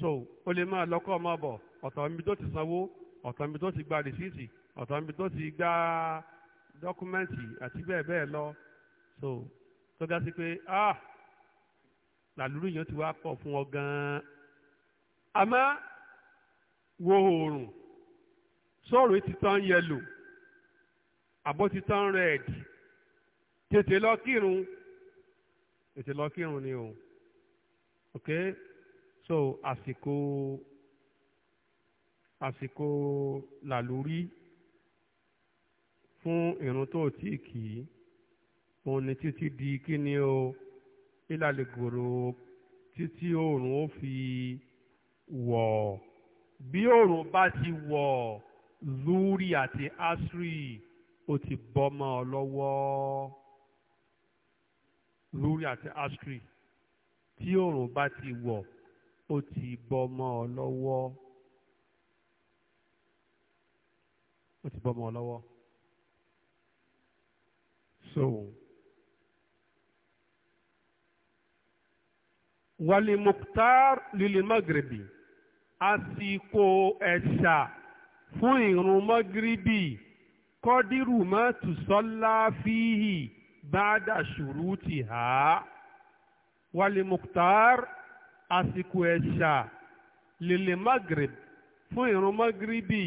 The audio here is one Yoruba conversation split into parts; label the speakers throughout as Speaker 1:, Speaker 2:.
Speaker 1: so ó lè máa lọ́kọ́ ọmọ bọ̀ ọ̀tọ̀ níbi tó ti sanwó ọ̀tọ̀ níbi tó ti gba rìsíìtì ọ̀tọ̀ níbi tó ti gba dọ́kúmẹ́ǹtì àti bẹ́ẹ̀ bẹ́ẹ̀ lọ so tó ga sí pé ah làlúrú yẹn ti wá pọ̀ fún ọ gan-an àmọ́ wo oòrùn sọ̀rọ̀ ti tán yẹlò àbọ̀ ti tán rẹ́ẹ̀dì tètè lọ kírun tètè lọ kírun ni o ok so àsìkò àsìkò làlórí fún ìrun tó tí kì í òun ni títí di kíni o ìlàlẹ̀gòrò títí oòrùn ó fi wọ̀ bí oòrùn bá ti wọ̀ lúúrì àti asri ó ti bọ́ mọ́ ọ lọ́wọ́ lúúrì àti asri tí oòrùn bá ti wọ̀ ó ti bọ́ mọ́ ọ lọ́wọ́ ó ti bọ́ mọ́ ọ lọ́wọ́ so wali muktar lili magrebi àsìkò ẹ̀ṣà fún ìrun magrebi kọ́dírù má tùsọ́lá fíhì bá dà ṣùrù tì há wali muktar àsìkò ẹ̀ṣà lèlè magrib fún ìrun magribi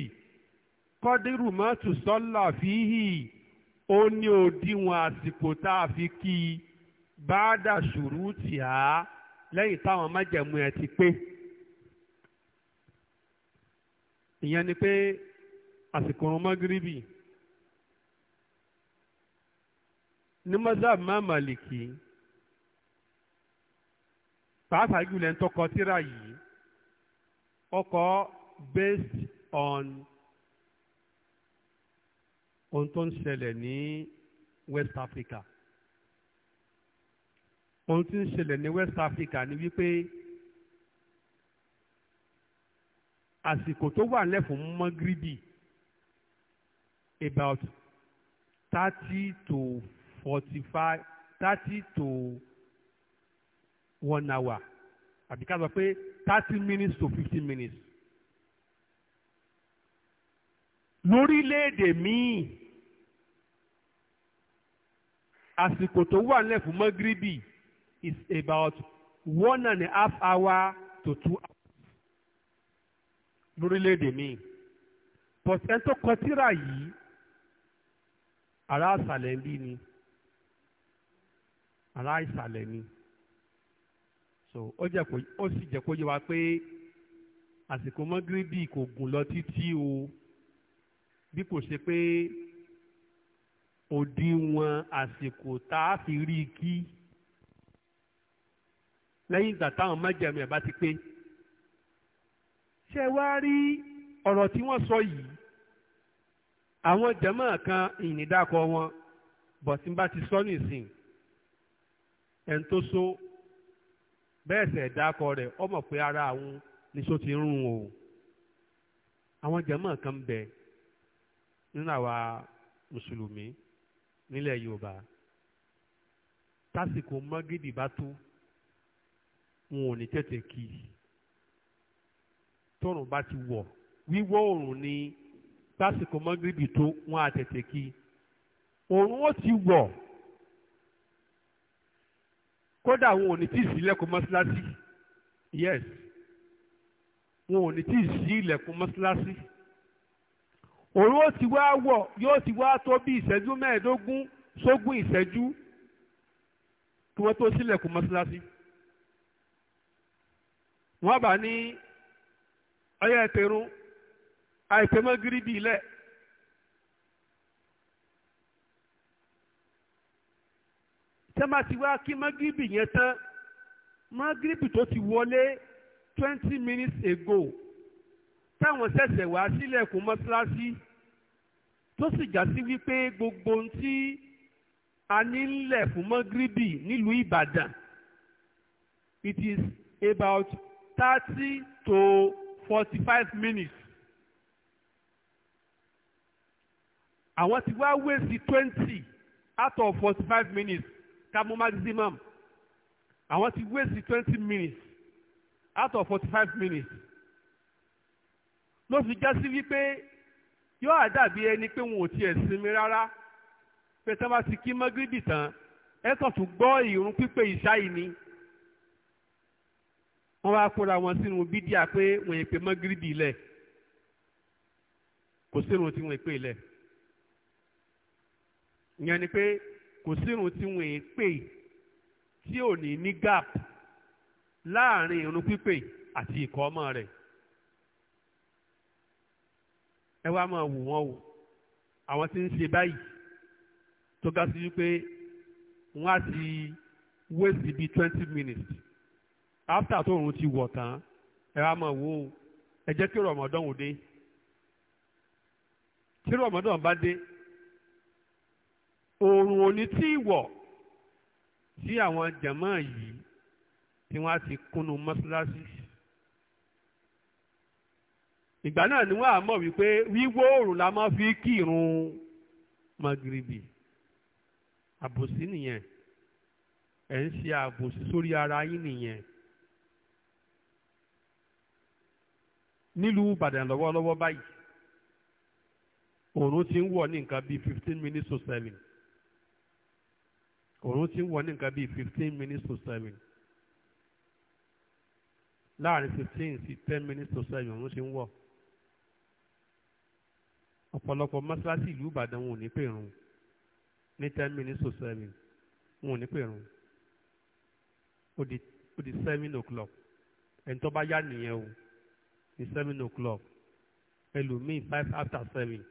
Speaker 1: kọ́dírù mọ́tò sọ́là fíhì ó ní òdiwọ̀n àsìkò tá a fi kí i báádà ṣùrù tì á lẹ́yìn táwọn májẹ̀mú ẹ̀ ti pé. ìyẹn ni pé àsìkò ìrun magribi ní mọ́sáàbù má màlìkì. Ma pàápàá jùlọ ẹni tó kọ tírà yìí ó kọ based on ohun tó ń ṣẹlẹ̀ ní West Africa ohun tí ń ṣẹlẹ̀ ní West Africa ni wípé àsìkò tó wà nílẹ̀ fún mọ́gíríbì about thirty to forty five thirty to one hour àbí ká sọ pé thirty minutes to fifteen minutes. lórílẹ̀‐èdè míì àsìkò tó wà nílẹ̀ fún mọ́gíríbì is about one and a half hour to two hours lórílẹ̀‐èdè míì but ẹni tó kọ tírà yìí ará àṣàlẹ̀ ń bí ni ará ìsàlẹ̀ ni so ó jẹ́ kó ó sì jẹ́ kó yé wa pé àsìkò mọ́gíríbì kò gùn lọ títí o bí kò ṣe pé òdiwọ̀n àsìkò tá a fi rí i kí lẹ́yìn ìgbà táwọn májẹ̀mú ẹ̀ bá ti pé ṣé wá rí ọ̀rọ̀ tí wọ́n sọ yìí àwọn jẹ̀mọ́ kan ìnídàkọ wọn bọ̀tí bá ti sọ nìsín ẹ̀ ń tó so bẹ́ẹ̀ sẹ̀ dákọ rẹ̀ ọ mọ̀ pé ara àwọn níṣó ti rún o àwọn jẹ̀mọ́ kan bẹ nínú àwa mùsùlùmí nílẹ̀ yorùbá tásìkò mọ́gìdì bá tó wọn ò ní tètè kì í bá ti wọ̀ wíwọ̀ oòrùn ni tásìkò mọ́gìdì tó wọn á tètè kì ó ti wọ̀. kódà wọn ò ní tí ì sí ilẹ̀kùn mọ́ṣáláṣí yes wọn ò ní tí ì sí ilẹ̀kùn mọ́ṣáláṣí òun ó ti wá wọ̀ yóò ti wá tó bí ìṣẹ́jú mẹ́ẹ̀ẹ́dógún sógún ìṣẹ́jú kí wọ́n tó sílẹ̀kùn mọ́ṣáláṣí wọ́n bá ní ọyẹ́ ẹ̀tẹ̀rún àìpẹ́mọ́gírí bíi lẹ́ẹ̀. tẹ́ máa ti wá kí mágíríbì yẹn tán mágíríbì tó ti wọlé twenty minutes ago táwọn ṣẹ̀ṣẹ̀ wá sílẹ̀kùn mọ́ṣáláṣí tó sì já sí wípé gbogbo ohun tí a ní ń lẹ̀ fún mágíríbì nílùú Ìbàdàn it is about thirty to forty-five minutes. àwọn ti wá wé sí twenty out of forty-five minutes ká mú maximum àwọn ti waste twenty minutes out of forty five minutes ló fi já sí wípé yóò àdàbí ẹni pé wọn ò tiẹ̀ sinmi rárá pé tí wọ́n bá ti kí mọ́gíríbì tán ẹ kàn tún gbọ́ ìrún pípé ìṣáì ni wọ́n wá kóra wọn sínú bídíà pé wọ́n yẹn pé mọ́gíríbì lẹ̀ kò sínú tí wọ́n pè lẹ̀ ìyẹn ni pé kò sírun tí wọ́n ń pè tí ò ní ní gap láàrin irun pípè àti ìkọ́ ọmọ rẹ̀ ẹ wá máa wò wọ́n o àwọn tí ń ṣe báyìí tó ga sí wípé wọ́n á ti waste bíi twenty minutes after tó òun ti wọ̀ tán ẹ wá máa wò ó ẹ jẹ́ kí rọ̀mọ́dán ò dé tí rọ̀mọ́dán bá dé oòrùn ò ní tí ì wọ̀ tí àwọn jàmáà yìí tí wọ́n á ti kúnnu mọ́ṣáláṣí ìgbà náà ni wọ́n á mọ̀ wípé wíwọ̀ oòrùn la máa fi kírun magiribi àbòsí nìyẹn ẹ̀ ń ṣe àbòsí sórí ara yín nìyẹn nílùú Ìbàdàn lọ́wọ́lọ́wọ́ báyìí oòrùn ti ń wọ̀ ní nǹkan bíi fifteen minutes to seven òòrùn ti ń wọ ní nǹkan bíi fifteen minutes to seven láàrin fifteen sí ten minutes to seven òòrùn ti ń wọ ọ̀pọ̀lọpọ̀ mọ́ṣáláṣí ìlú Ìbàdàn wọn ò ní pè run ní ten minutes to seven wọn ò ní pè run ó di ó di seven o'clock ẹni tó bá yá nìyẹn o ní seven o'clock ẹlòmíì five after seven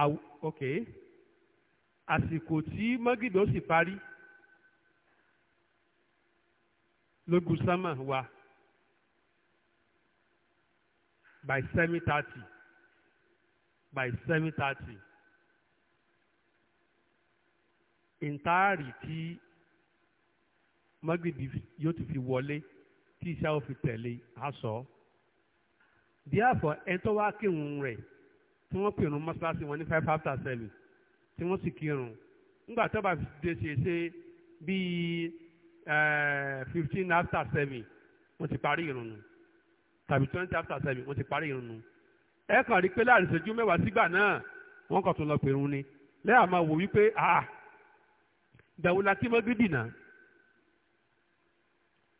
Speaker 1: aw Okay àsìkò tí mọ́gìdì ó sì parí lógún sámà wa by seven thirty by seven thirty ìntaarì tí mọ́gìdì yóò ti fi wọlé tí iṣẹ́ ò fi tẹ̀lé aṣọ díàfọ̀ ẹ̀ tó wá kírun rẹ̀ tí wọ́n pè ní mọ́ṣáláṣí wọn ní five after seven tí wọ́n sì kírun nígbà tó bá dé ṣèṣe bíi fifteen after seven wọ́n ti parí ìrun nù tàbí twenty after seven wọ́n ti parí ìrun nù ẹ kàn rí pé láàrin ìṣẹ́jú mẹ́wàá sígbà náà wọ́n kàn tún lọ pèrun ni lẹ́yìn àmọ́ wò wípé ah ìgbàwó la kí mọ́gídì náà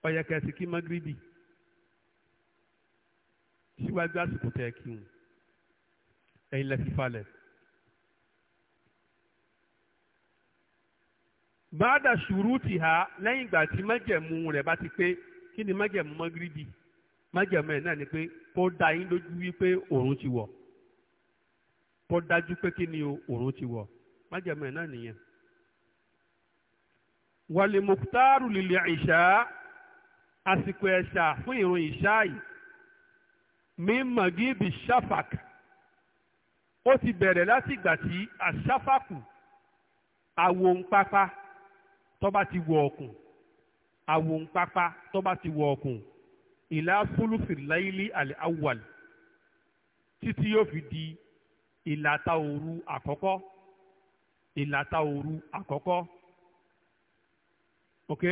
Speaker 1: ọ̀yẹ̀ kẹ̀sì kí mọ́gídì síwájú àsìkò tẹ̀ kí wọn ẹ̀yin lẹ́ fi falẹ̀. báàdà ṣùrù tì há lẹ́yìn ìgbà tí májẹ̀mú rẹ̀ bá ti pé kí ni májẹ̀mú mọ́gíríbì májẹ̀mú ẹ̀ náà ni pé kó dá yín lójú wípé òòrùn ti wọ̀ kó dájú pé kí ni òòrùn ti wọ̀ májẹ̀mú ẹ̀ náà nìyẹn. wàlẹ̀ mọ̀kútàrù lìlì ìṣá àsìkò ẹ̀ṣà fún ìrun ìṣá yìí mí mọ̀gíbì ṣáfàk ó ti bẹ̀rẹ̀ láti ìgbà tí àṣáfàkù àwòǹpápá tó bá ti wọ ọ̀kùn àwọn pápá tó bá ti wọ ọ̀kùn ìlà fúlùfì àlẹ́ awwal títí yóò fi di ìlàta òru àkọ́kọ́ ìlàta òru àkọ́kọ́ ok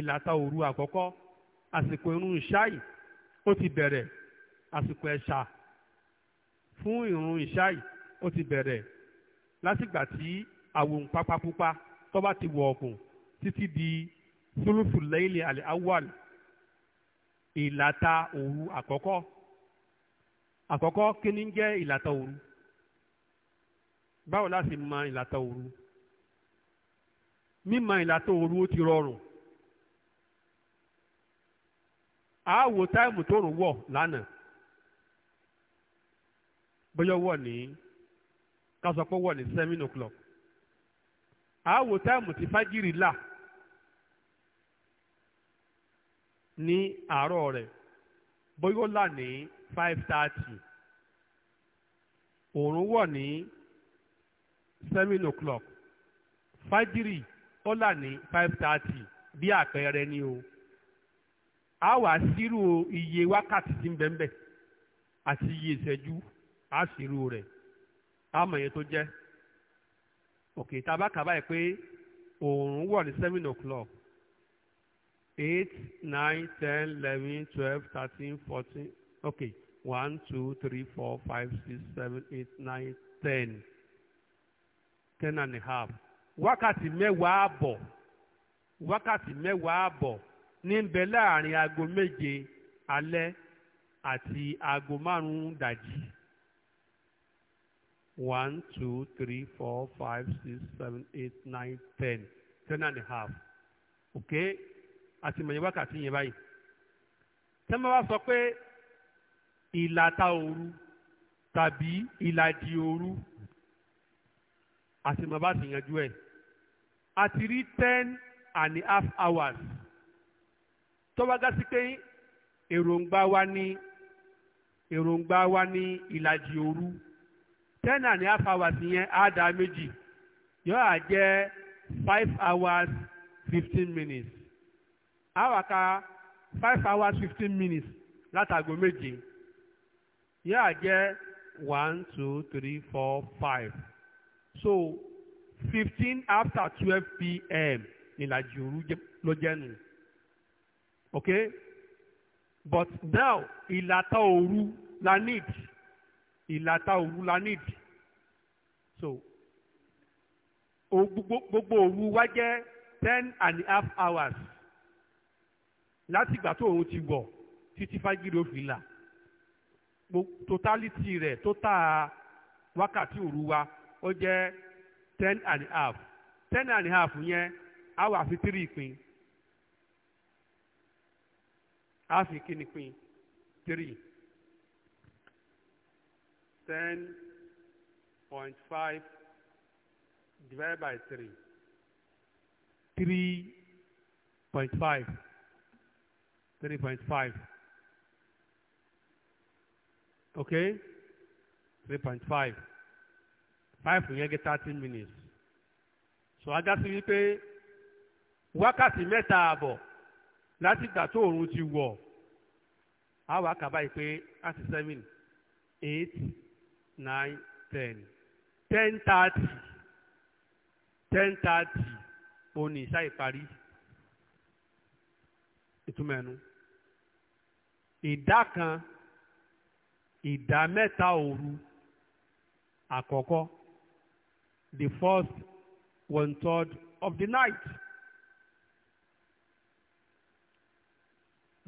Speaker 1: ìlàta òru àkọ́kọ́ àsìkò irun ìṣáì ó ti bẹ̀rẹ̀ àsìkò ẹ̀ṣà fún irun ìṣáì ó ti bẹ̀rẹ̀ látìgbà tí àwọn pápá pupa tó bá ti wọ̀ ọ̀kùn títí di sulusu layli àlẹ́ awal ìlàta òru àkọ́kọ́ àkọ́kọ́ kí ni ń jẹ́ ìlàta òru báwo láti mọ ìlàta òru mímọ ìlàta òru ó ti rọrùn a wò táìmù tó rùn wọ̀ lánàá bóyá wọ̀ ní ká sọ wọ̀ ní seven o'clock àáwò táìmù tí fajiri là ní àárọ̀ rẹ̀ bóyá la là ní five thirty òòrùn wọ̀ ní seven o'clock fajiri ó là ní five thirty ni o a wà iye wákàtí tí ń bẹ́ẹ̀ iye ìṣẹ́jú a sírò rẹ̀ a mọ̀ yẹn òkè tá a bá kà báyìí pé òòrùn wọ̀ ní seven o'clock eight nine ten eleven twelve thirteen fourteen okay one two three four five six seven eight nine ten ten and a half wákàtí mẹ́wàá àbọ̀ wákàtí mẹ́wàá àbọ̀ ní ń bẹ láàrin aago méje alẹ́ àti aago márùn-ún dàjí one two three four five six seven eight nine ten ten and a half okay àti mọ̀nyẹ́ wákàtí yẹn báyìí tẹ́lẹ̀ wá sọ pé ìlàta òru tàbí ìlàjì òru àti mọ̀ bá ti yanjú ẹ̀ àti rí ten and a half hours tọ́wọ́ gá sí pé èròǹgbà wa ní èròǹgbà wa ní ìlàjì òru ten and a half hours yẹn á da méjì yóò á jẹ́ five hours fifteen minutes á ka five hours fifteen minutes látago méje yóò á jẹ́ one two three four five so fifteen after twelve pm ìlàjì òru ló jẹ́ nù okay but now ìlàta òru la need. ìlàta òru la nídìí so gbogbo gbogbo òru wa jẹ́ ten and a half hours láti ìgbà tó òun ti wọ̀ títí fagiri ó fi là totality rẹ̀ total wákàtí òru wa ó jẹ ten and a half ten and a half yẹn a wà fi three pin kíni pin three. 10.5 divided by 3. 3.5. 3.5. Okay? 3.5. 5 yẹn gé 30 minutes. So I ajá sí wípé wákàtí mẹ́ta àbọ̀ láti ìgbà tó oòrùn ti wọ̀ á wà kábàáyé pé á seven 7 8 nine ten ten thirty ten thirty ó ní ìṣá ìparí ìtumọ̀ ẹnu ìdá kan ìdá mẹ́ta òru àkọ́kọ́ the first one third of the night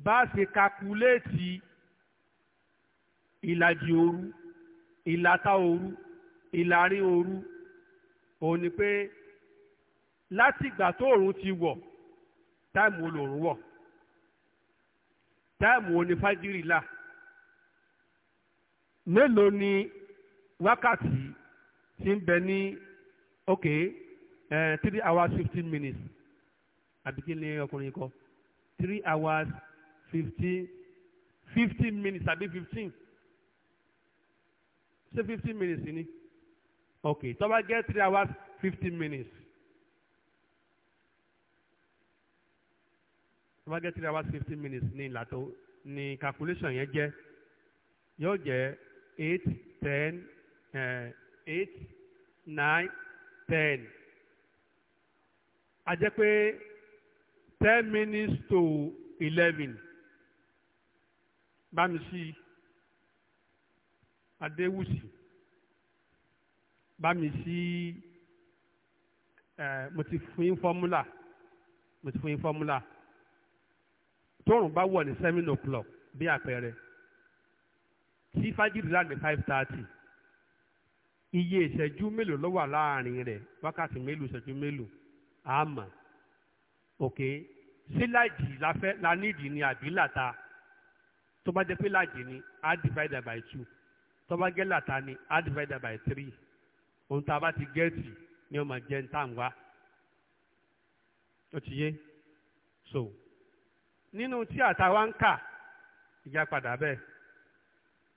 Speaker 1: bá a ṣe kakuléètì ìlàjì òru ìlàta òru ìlàrin òru òun ni pé láti ìgbà tó òòrùn ti wọ̀ táìmù olóòrùn wọ̀ táìmù oní fájírì là mélòó ni wákàtí ti ń bẹ ní ok three hours fifteen minutes àbí kí ni ọkùnrin kọ three hours fifteen fifteen minutes àbí fifteen ṣé fifteen minutes ni ok tó bá jẹ́ three hours fifteen minutes tó bá jẹ́ three hours fifteen minutes ni ìlàtọ̀ ni calculation yẹn jẹ́ yóò jẹ́ eight ten eh, eight nine ten a jẹ́ pé ten minutes to eleven bá mi sí i adéwùsì bá mi sí ẹ mo ti fún yín fọ́múlà mo ti fún yín fọ́múlà tóòrùn bá wọ̀ ní seven o'clock bí àpẹẹrẹ tí fájìrì láàgbé five thirty iye ìṣẹ́jú mélòó ló wà láàrin rẹ̀ wákàtí mélòó ìṣẹ́jú mélòó àmọ́ òkè sí láàjì la fẹ́ la nídìí ni àbí làta tó bá jẹ́ pé láàjì ni á divide by two tọ́ba jẹ́ làtà ni a divided by three ohun tá a bá ti gẹ́ẹ̀tì ni ó máa jẹ́ ń tàn wá ó ti yé so nínú tí àtàwa ń kà ìjà padà bẹ́ẹ̀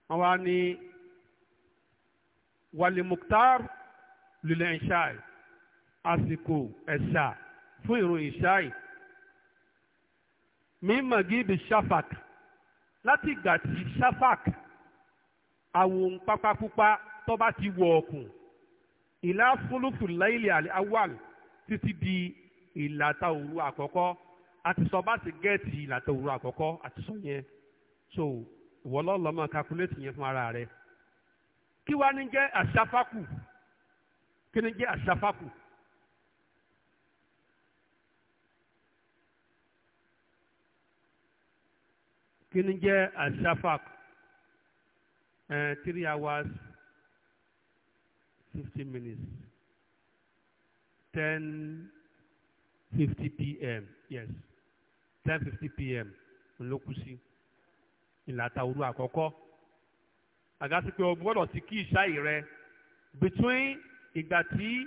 Speaker 1: wọ́n wá ní walimuktar lulẹ̀ ìṣáì àsìkò ẹ̀ṣà fún ìrun ìṣáì mímọ̀ gíbi shafak láti ìgbà tí shafak àwọn pápá pupa tó bá ti wọ̀ ọ̀kùn ìlà fúlùfù láìlì awal títí di ìlàta òru àkọ́kọ́ àti sọ bá ti gẹ́ẹ̀tì ìlàta òru àkọ́kọ́ àti yẹn so ìwọ lọ́lọ́mọ kakuléètì yẹn fún ara rẹ kí wàá ní jẹ́ àṣàfàkù kí ni jẹ́ àṣàfàkù. kí ni jẹ́ àṣàfàkù uh, three hours fifty minutes ten fifty pm yes ten fifty pm ńlọkùsí ìlàta akoko. àkọ́kọ́ àgàsí pé o gbọ́dọ̀ ti kí ìṣáì rẹ between ìgbà tí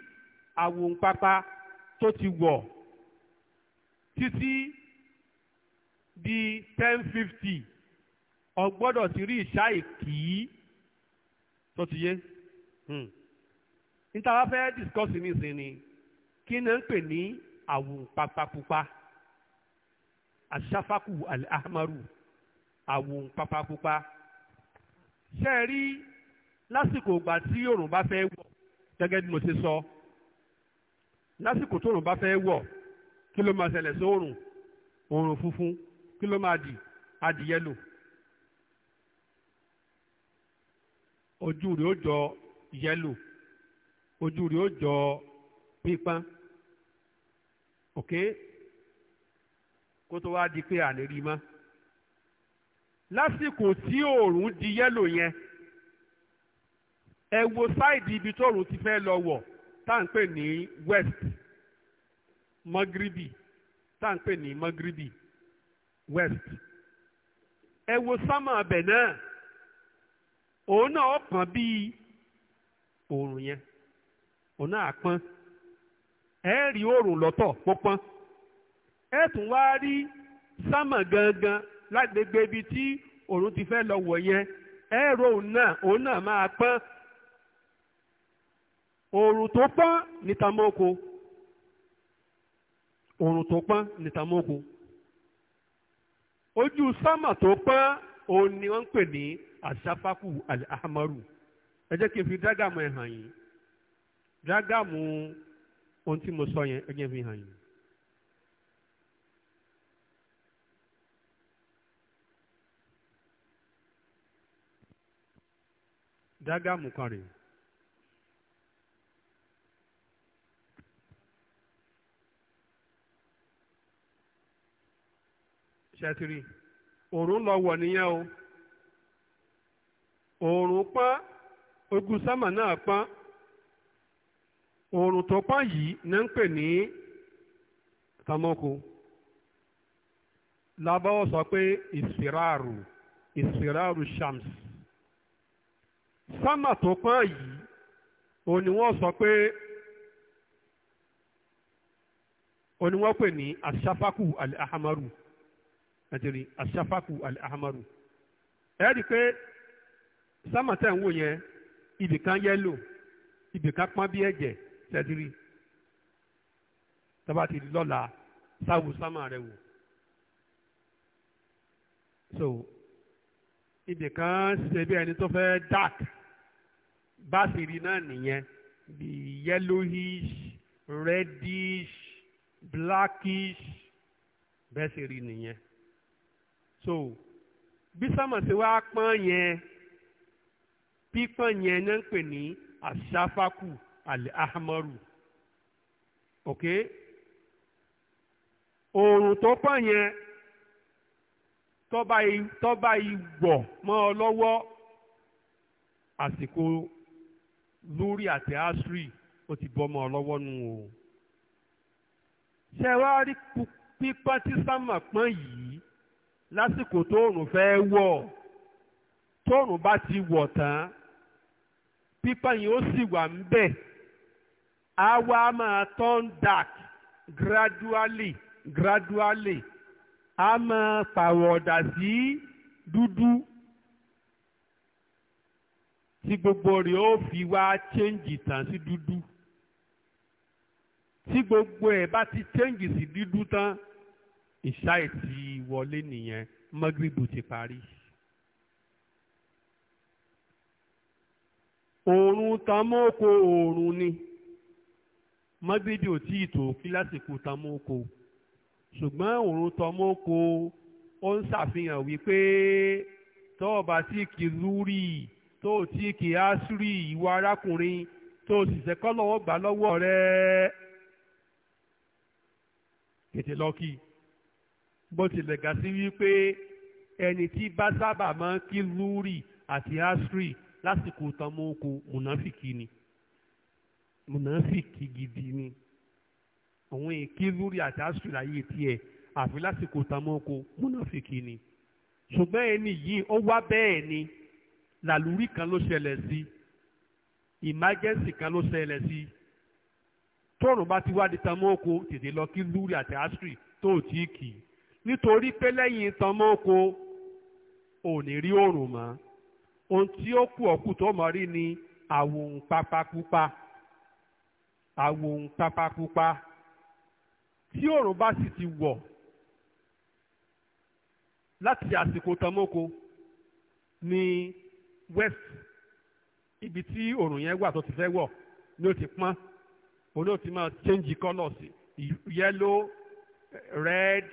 Speaker 1: àwọn pápá tó ti wọ̀ títí di ten fifty o gbọ́dọ̀ ti rí ìṣáì kì í tó ti yé hmm. níta wá fẹ́ discuss nísìnyí ni kí ni ń pè ní àwùn papapupa asafaku alahamaru àwùn papapupa ṣe rí lásìkò ìgbà tí òòrùn bá fẹ́ wọ̀ gẹ́gẹ́ bí mo ṣe sọ lásìkò tóòrùn bá fẹ́ wọ̀ kí ló máa ṣẹlẹ̀ sóòrùn òòrùn funfun kí ló máa di adìyẹlò ojú rẹ̀ ó jọ yẹ́lò ojú rẹ̀ ó jọ pípọ́n ok kó tó wá di pé àlérí mọ́ lásìkò tí òòrùn di yẹ́lò yẹn ẹ wo sáìdì ibi tóòrùn ti fẹ́ lọ wọ̀ tá à ń pè ní west magribi tá à ń pè ní magribi west ẹ wo sámà abẹ náà. òun náà pọ̀n bí òòrùn yẹn òun náà pọ́n ẹ rí òòrùn lọ́tọ̀ pọ́pọ́n ẹ tún wá rí sámà gangan lágbègbè ibi tí ti fẹ́ lọ wọ̀ yẹn ẹ rí òun náà òun náà máa pọ́n tó pọ́n ní tamoko ojú sámà tó pọ́n òun ni wọ́n asafaku alahamaru ẹ jẹ́ kí n fi dírágàmù ẹ̀ hàn yín dírágàmù ohun tí mo sọ yẹn ẹ jẹ́ fi hàn yín. dírágàmù kan rèé. ṣẹ́tìrì òòrùn lọ wọ̀ nìyẹn o. òòrùn pọ́n ogun sámà náà pọ́n òòrùn tó pọ́n yìí ní ń pè ní tamoko lábáwọ̀ sọ pé ìsiraaru ìsiraaru shams sámà tó pọ́n yìí òní wọ́n sọ pé òní wọ́n pè ní asafaku asafaku pé sámà tẹ̀ ń wò yẹn ibìkan yẹ́lò ibìkan pọ́n bí ẹ̀jẹ̀ tẹ́tìrì tọ́ba ti lọ́la sáwù sámà rẹ̀ wò. so ibìkan ṣe bí ẹni tó fẹ́ dark bá sì rí náà nìyẹn bí yellowish reddish blackish bẹ́ẹ̀ sì rí nìyẹn. so bí sámà ṣe wá pọ́n yẹn pípọ́n yẹn náà ń pè ní asafaku al-ahmaru ok oòrùn tó pọ́n yẹn tọ́ba tọ́ba ìwọ̀ mọ́ ọ lọ́wọ́ àsìkò lórí àti asri ó ti bọ́ mọ́ ọ lọ́wọ́ nù o ṣe wá rí pípọ́n tí sámà pọ́n yìí lásìkò tóòrùn fẹ́ wọ̀ tóòrùn bá ti wọ̀ tán pípọ́n yìí ó sì wà ń bẹ̀ á wá máa turn dark gradually gradually á máa pàwọ̀dà sí dúdú tí gbogbo rẹ̀ ó fi wá change tán sí dúdú tí gbogbo ẹ̀ bá ti change sí dúdú tán ìṣáì ti wọlé nìyẹn mọ́gìrìbù ti parí. òòrùn tamóko òòrùn ni mọ́gbẹ́dì ò tí ì tó kí lásìkò tamóko ṣùgbọ́n òòrùn tamóko ó ń ṣàfihàn wípé tó o bá tí kì í lúrì tó o tí kì í ásírì ìwọ arákùnrin tó o sì sẹ́kọ́ lọ́wọ́ gbà lọ́wọ́ rẹ̀ tètè lọ́kì bó tilẹ̀ gà sí wípé ẹni tí bá sábà máa ń kí lúrì àti ásírì lásìkò tọmọ oko mùnàfìkì ni mùnàfìkì gidi ni òun èké lórí àti asùn láyé tiẹ̀ àfi lásìkò tọmọ oko mùnàfìkì ni ṣùgbọ́n ẹni yìí ó wá bẹ́ẹ̀ ni làlùrí kan ló ṣẹlẹ̀ sí ìmájẹ́sì kan ló ṣẹlẹ̀ sí tóòrùn bá ti wá di tọmọ tètè lọ kí lúrí àti asùn tó tí kì nítorí pé lẹ́yìn tọmọ ò ní rí oòrùn mọ́ ohun tí ó kù ọ̀kù tó mọ̀ rí ni àwòrán pápákúpa àwòrán pápákúpa tí òòrùn bá sì ti wọ̀ láti àsìkò tamoko ní west ibi tí òòrùn yẹn wà tó ti fẹ́ wọ̀ ni ó ti pọ́n òun náà ti máa change colours yellow red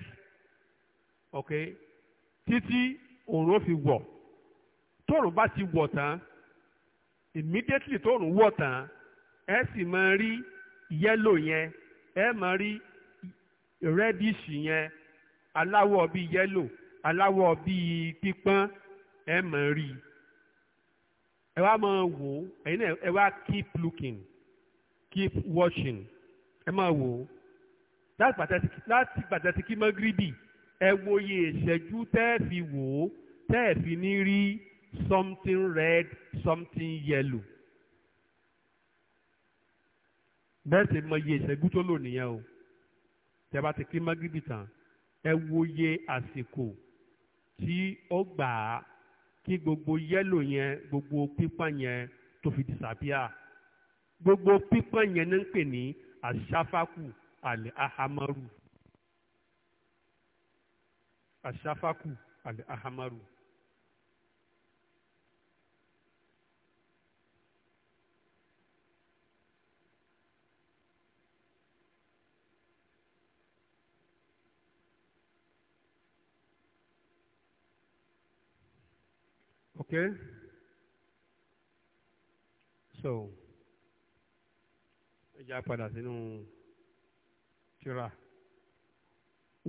Speaker 1: okay títí òòrùn ó fi wọ̀ tóòrùn bá ti wọ̀ tán immediately tóòrùn wọ̀ tán ẹ sì máa rí yẹ́lò yẹn ẹ máa rí reddish yẹn aláwọ̀ bíi yẹ́lò aláwọ̀ bíi pípọ́n ẹ máa rí ẹ wá máa wò ẹ̀yin náà ẹ wá keep looking keep watching ẹ máa wò láti pàtàkì kí mọ́gíríbì ẹ wo iye ìṣẹ́jú tẹ́ ẹ fi wò ó tẹ́ ẹ fi ní rí something red something yellow bẹ́ẹ̀ sì mọ iye ìṣẹ́jú tó lò nìyẹn o tẹ́ bá ti kí mágídì tán ẹ wo iye àsìkò tí ó gbà á kí gbogbo yẹ́lò yẹn gbogbo pípọ́n yẹn tó fi disapia gbogbo pípọ́n yẹn ní ń pè ní àṣàfàkù àlẹ́ ahamaru àṣàfàkù àlẹ́ ahamaru. okay so ẹ já padà sínú tírà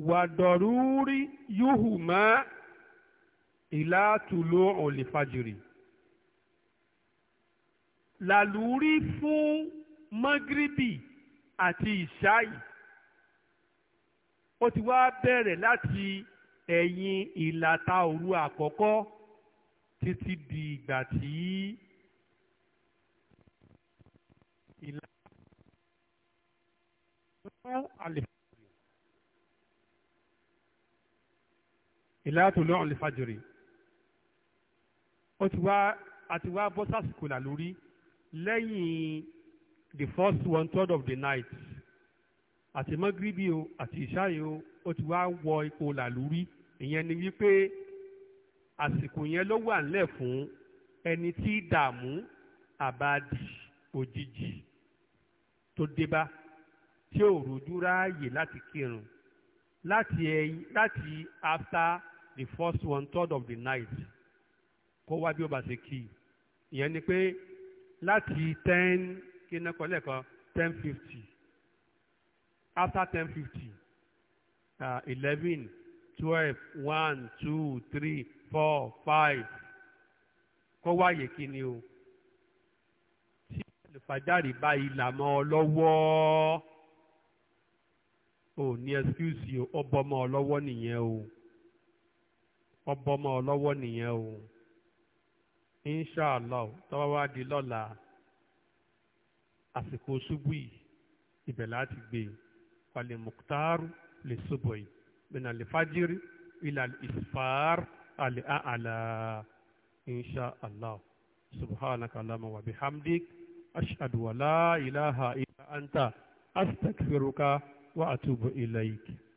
Speaker 1: wàdọ̀rúurí yóhùmá ìlàtúlò òlìfàjìrì làlúrí fún mọ́gíríbì àti ìṣáì ó ti wá bẹ̀rẹ̀ láti ẹ̀yìn ìlàta òru àkọ́kọ́ títí di ìgbà tí ìlà ìlà tó lọ́rùn lè fàjèrè ó ti wá àti wá bọ́ sásìkò là lórí lẹ́yìn the first one third of the night àti mọ́gíríbì o àti ìṣáyè o ó ti wá wọ ipò là lórí ìyẹn ni wípé àsìkò yẹn ló wà nílẹ̀ fún ẹni tí dààmú àbádì òjijì tó débá tí ò rojú ráàyè láti kírun láti ẹyin láti after the first one third of the night kó wá bí ó bá ṣe kí ìyẹn ni pé láti ten kí ni kọ́ lẹ́ẹ̀kan ten fifty after ten fifty uh, eleven twelve one two three four five kọ́ wáyé kíni o tí àlùfáàjárì bá ilà mọ́ ọ lọ́wọ́ ò ní ẹ́síkúùsì o ọbọ̀ mọ́ ọ lọ́wọ́ nìyẹn o ọbọ̀ mọ́ ọ lọ́wọ́ nìyẹn o inshallah tọ́wọ́ wá di lọ́la àsìkò ṣubú yìí ibẹ̀ láti gbé wàlẹ̀ lè ṣubú yìí bẹ̀nà lè fájírí ilà ìsfàárù. الأعلى إن شاء الله سبحانك اللهم وبحمدك أشهد ولا إله إلا أنت أستغفرك وأتوب إليك